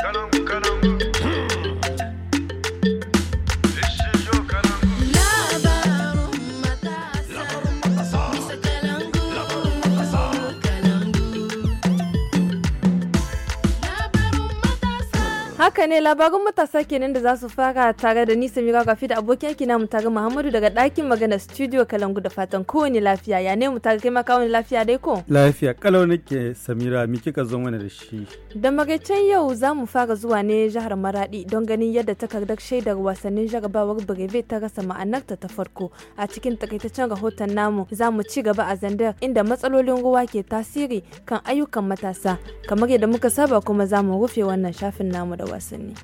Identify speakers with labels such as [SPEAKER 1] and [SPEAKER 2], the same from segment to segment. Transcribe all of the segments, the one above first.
[SPEAKER 1] come on.
[SPEAKER 2] Haka ne labarin matasa kenan da za su fara tare da nisa mira gafi da abokin kina mu tare Muhammadu daga ɗakin magana studio Kalangu da fatan kowane lafiya ya ne mu tare kai maka wani lafiya dai ko?
[SPEAKER 3] Lafiya kalau nake Samira mi kika zo mana da shi.
[SPEAKER 2] Da magacin yau za mu fara zuwa ne jihar Maradi don ganin yadda takardar shaidar wasannin jarabawar Brevet ta rasa ma'anarta ta farko a cikin takaitaccen rahoton namu za mu ci gaba a zandar inda matsalolin ruwa ke tasiri kan ayyukan matasa kamar yadda muka saba kuma za mu rufe wannan shafin namu da wasanni.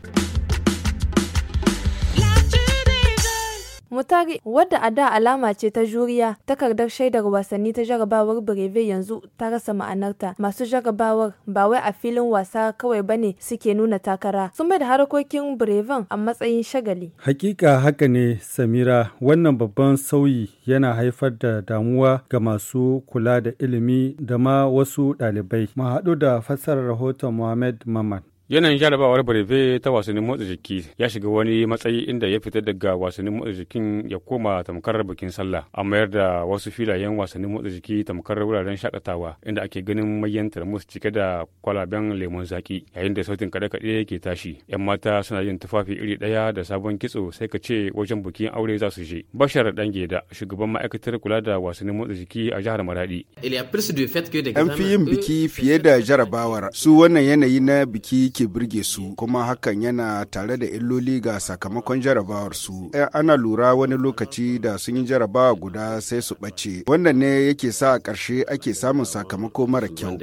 [SPEAKER 2] Mutari wadda a da alama ce ta juriya takardar shaidar wasanni ta jarabawar Breve yanzu ta rasa ma'anarta masu jarabawar ba wai a filin wasa kawai bane suke nuna takara sun da harkokin Breven a matsayin shagali.
[SPEAKER 3] Hakika haka ne Samira wannan babban sauyi yana haifar da damuwa ga masu kula da ilimi da ma wasu ɗalibai. Mu haɗu da fassarar rahoton Mohamed Maman.
[SPEAKER 4] Yanayin jarabawar Breve ta wasannin motsa jiki ya shiga wani matsayi inda ya fita daga wasannin motsa jikin ya koma tamkar bikin sallah. a mayar da wasu filayen wasannin motsa jiki tamkar wuraren shakatawa inda ake ganin mayan tarmus cike da kwalaben lemon zaki yayin da sautin kaɗe-kaɗe ke tashi. 'Yan mata suna yin tufafi iri ɗaya da sabon kitso sai ka ce wajen bikin aure za su je. Bashar geda shugaban ma'aikatar kula da wasannin motsa jiki a jihar Maradi. An fi yin biki
[SPEAKER 1] fiye da jarabawar su wannan yanayi na biki ke birge su kuma hakan yana tare da illoli ga sakamakon jarabawar su eh, ana lura wani lokaci da sun yi jarabawa guda sai su bace wannan ne yake sa a ƙarshe ake samun sakamako mara kyau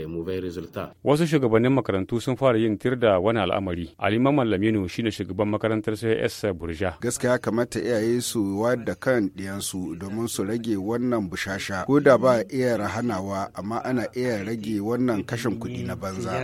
[SPEAKER 4] wasu shugabannin makarantu sun fara yin tir da wani al'amari aliman malaminu shine shugaban makarantar cs burja
[SPEAKER 1] gaskiya kamata iyaye su da kan diyansu domin su rage wannan bushasha ko da ba iya rahanawa amma ana iya rage wannan kashin kuɗi na banza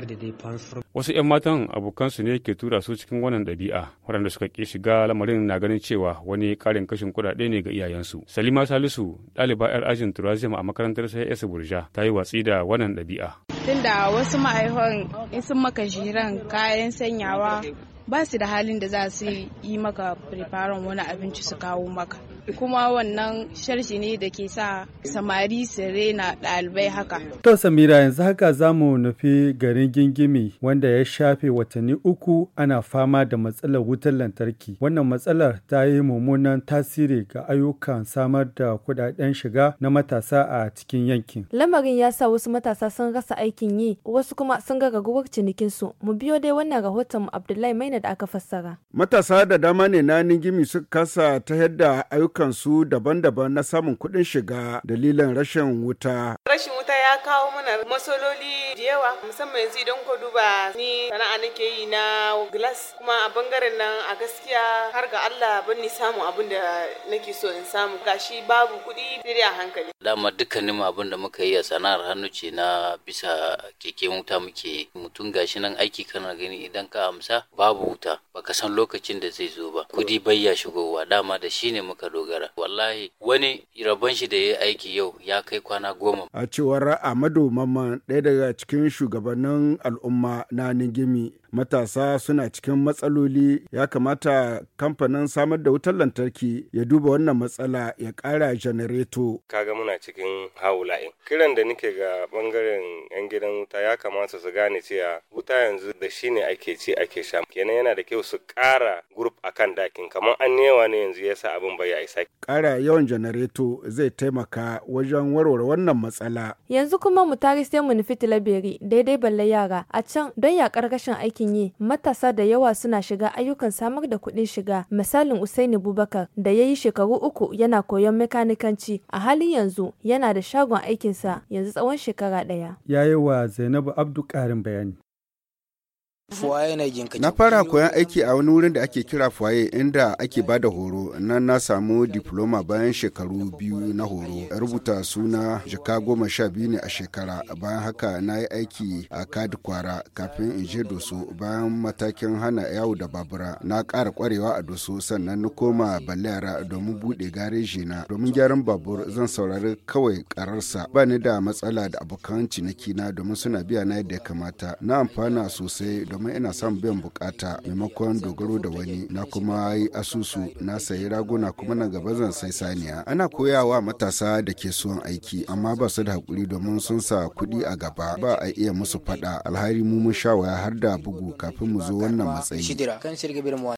[SPEAKER 4] wasu 'yan matan Waɗannan abokansu ne ke tura su cikin wannan ɗabi'a waɗanda suka ƙi shiga lamarin na ganin cewa wani ƙarin kashin kuɗaɗe ne ga iyayensu. Salima Salisu ɗaliba 'yar ajin Turazim a makarantar sai S Burja ta yi watsi da wannan ɗabi'a.
[SPEAKER 2] Tunda wasu ma'aikon in sun maka jiran kayan sanyawa ba su da halin da za su yi maka preparan wani abinci su kawo maka kuma wannan sharshi ne da ke sa samari su rena ɗalibai haka.
[SPEAKER 3] To Samira yanzu haka za mu nufi garin gingimi wanda ya shafe watanni uku ana fama da matsalar wutar lantarki. Wannan matsalar ta yi mummunan tasiri ga ayyukan samar da kuɗaɗen shiga na matasa a cikin yankin.
[SPEAKER 2] Lamarin ya sa wasu matasa sun rasa aikin yi wasu kuma sun ga raguwar cinikinsu. Mu biyo dai wannan rahoton Abdullahi Maina da aka fassara.
[SPEAKER 3] Matasa
[SPEAKER 1] da dama ne na Ningimi suka kasa ta yadda ayyukan ayyukansu daban-daban na samun kuɗin shiga dalilin rashin wuta.
[SPEAKER 2] Rashin wuta ya kawo mana masololi da yawa musamman yanzu idan ko duba ni sana'a nake yi na glass kuma a bangaren nan a gaskiya har ga Allah ban ni samu abin da nake so in samu gashi babu kuɗi sai a hankali.
[SPEAKER 1] Dama dukkanin abin da muka yi a sana'ar hannu ce na bisa keke wuta muke mutum gashi nan aiki kana gani idan ka amsa babu wuta baka san lokacin da zai zo ba kudi ya shigowa dama da shine muka dogara. dogara wallahi wani rabon shi da ya aiki yau ya kai kwana goma a cewar amadu mamman ɗaya daga cikin shugabannin al'umma na ningimi matasa suna cikin matsaloli ya kamata kamfanin samar da wutar lantarki ya duba wannan matsala ya kara janareto.
[SPEAKER 4] kaga muna cikin haula'in kiran da nike ga bangaren yan gidan wuta ya kamata su gane cewa wuta yanzu da shi ne ake ci ake sha kenan yana da kyau su ƙara a akan dakin kamar an yawa ne yanzu yasa abin bai ya isa.
[SPEAKER 1] kara yawan janareto zai taimaka wajen warware wannan matsala.
[SPEAKER 2] yanzu kuma mu tari sai mu nufi tilaberi daidai balle yara a can don yaƙar rashin aiki aikin yi matasa da yawa suna shiga ayyukan samar da kuɗin shiga misalin usaini bubakar da ya yi shekaru uku yana koyon mekanikanci a halin yanzu yana da shagon aikinsa yanzu tsawon shekara ɗaya
[SPEAKER 3] ya yi wa zainabu abdul bayani Na fara koyon aiki a wani wurin da ake kira
[SPEAKER 1] Fuwaye inda ake ba da horo, nan na samu diploma bayan shekaru biyu na horo. Rubuta suna jaka goma sha biyu ne a shekara, bayan haka na yi aiki a kadi kafin in je doso bayan matakin hana yawo da babura. Na ƙara ƙwarewa a doso sannan na koma balera domin buɗe gareji na. Domin gyaran babur zan saurari kawai ƙararsa. Ba ni da matsala da abokan ciniki na domin suna biya na yadda ya kamata. Na amfana sosai kamar ina son biyan bukata maimakon dogaro da wani na kuma yi asusu na sayi raguna kuma na gaba zan sai saniya ana koyawa matasa da ke son aiki amma ba su da hakuri domin sun sa kuɗi a gaba ba a iya musu faɗa alhari mu mun sha har da bugu kafin mu zo wannan
[SPEAKER 2] matsayi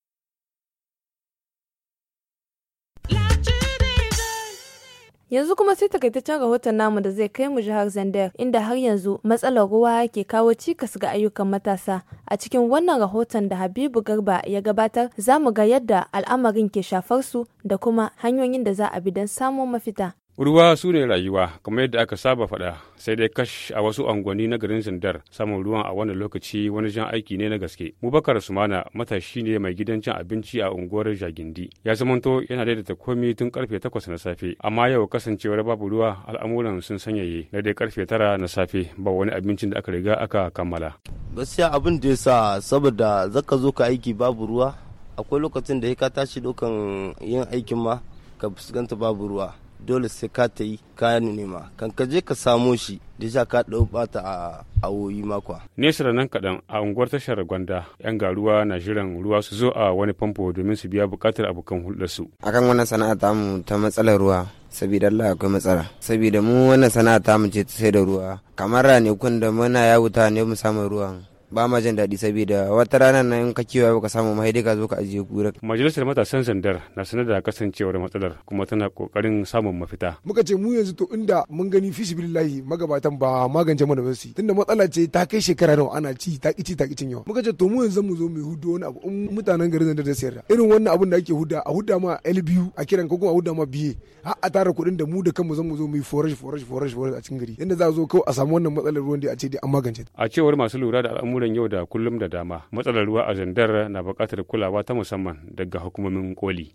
[SPEAKER 2] Yanzu kuma sai takaitaccen rahoton namu da zai kai mu jihar zander inda har yanzu matsalar ruwa ke kawo cikas ga ayyukan matasa. A cikin wannan rahoton da Habibu Garba ya gabatar za mu ga yadda al'amarin ke shafar su da kuma hanyoyin da za a bi don samun mafita.
[SPEAKER 4] ruwa su ne rayuwa kamar yadda aka saba faɗa sai dai kash a wasu angwani na garin zindar samun ruwan a wani lokaci wani jan aiki ne na gaske mubakar sumana matashi ne mai gidan cin abinci a unguwar jagindi ya zamanto yana daidaita komi tun karfe takwas na safe amma yau kasancewar babu ruwa al'amuran sun sanyaye na dai karfe tara na safe ba wani abincin da aka riga aka kammala
[SPEAKER 1] gaskiya abin da yasa saboda zaka zo ka aiki babu ruwa akwai lokacin da ya ka tashi dokan yin aikin ma ka fuskanta babu ruwa dole sai ka ta yi kayan nema kan ka je ka samo shi deja ka ɗau bata a awoyi makwa.
[SPEAKER 4] Nesa da nan kaɗan a unguwar tashar Gwanda 'yan garuwa na jiran ruwa su zo a wani famfo domin su biya buƙatar abokan hulɗarsu. kan wannan sana'a ta mu ta matsalar ruwa saboda Allah akwai matsala sabida mu wannan sana'a ta mu ce ta sai da ruwa kamar ranakun da muna yawuta ne mu samu ruwan ba ma jin daɗi saboda wata ranar na in ka kiwa ka samu ma ka zo ka ajiye gura. Majalisar matasan sandar na sanar da kasancewar matsalar kuma tana kokarin samun mafita. Muka ce
[SPEAKER 1] mu yanzu to inda mun gani fisibilillahi magabatan ba magance mana ba su tunda matsala ce ta kai shekara nawa ana ci ta ci ta cin yawa. Muka ce to mu yanzu mu zo mu hudu wani abu in mutanen garin da sayar da irin wannan abun da ake huda a huda ma biyu a kiran ko kuma a huda ma biye har a tara kuɗin da mu da kanmu zan mu zo mu yi forage forage forage forage a cikin gari inda za a zo kawai a samu wannan matsalar ruwan da a ce dai an magance
[SPEAKER 4] A cewar masu lura da al'amuran al'amuran yau da kullum da dama matsalar ruwa a zandar na buƙatar kulawa ta musamman daga hukumomin koli.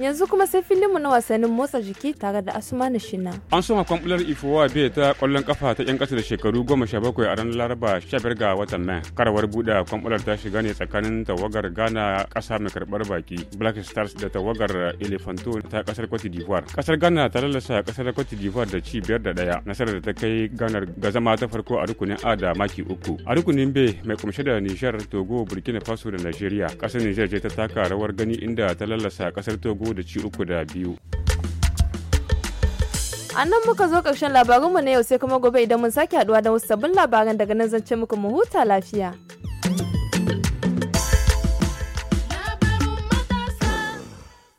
[SPEAKER 2] Yanzu kuma sai filinmu na wasannin motsa jiki tare da Asmanu Shina.
[SPEAKER 4] An soma kwamfular Ifowa Bay ta kwallon kafa ta 'yan kasa da shekaru goma sha bakwai a ranar Laraba sha biyar ga watan Mai. Karawar buɗe kwamfular ta shiga ne tsakanin tawagar Ghana ƙasa mai karɓar baki Black Stars da tawagar Elefanto ta ƙasar Cote d'Ivoire. Ƙasar Ghana ta lalasa ƙasar Cote d'Ivoire da ci biyar da ɗaya nasarar da ta kai Ghana ga zama ta farko a rukunin A da maki uku. A rukunin B mai kumshe da Nijar, Togo, Burkina Faso da Najeriya. Ƙasar Nijar ce ta taka rawar gani inda ta lalasa ƙasar Togo da biyu.
[SPEAKER 2] A nan muka zo ƙarshen labarinmu na yau sai kuma gobe idan mun sake haɗuwa da wasu sabbin labaran daga nan zance muku mu huta lafiya.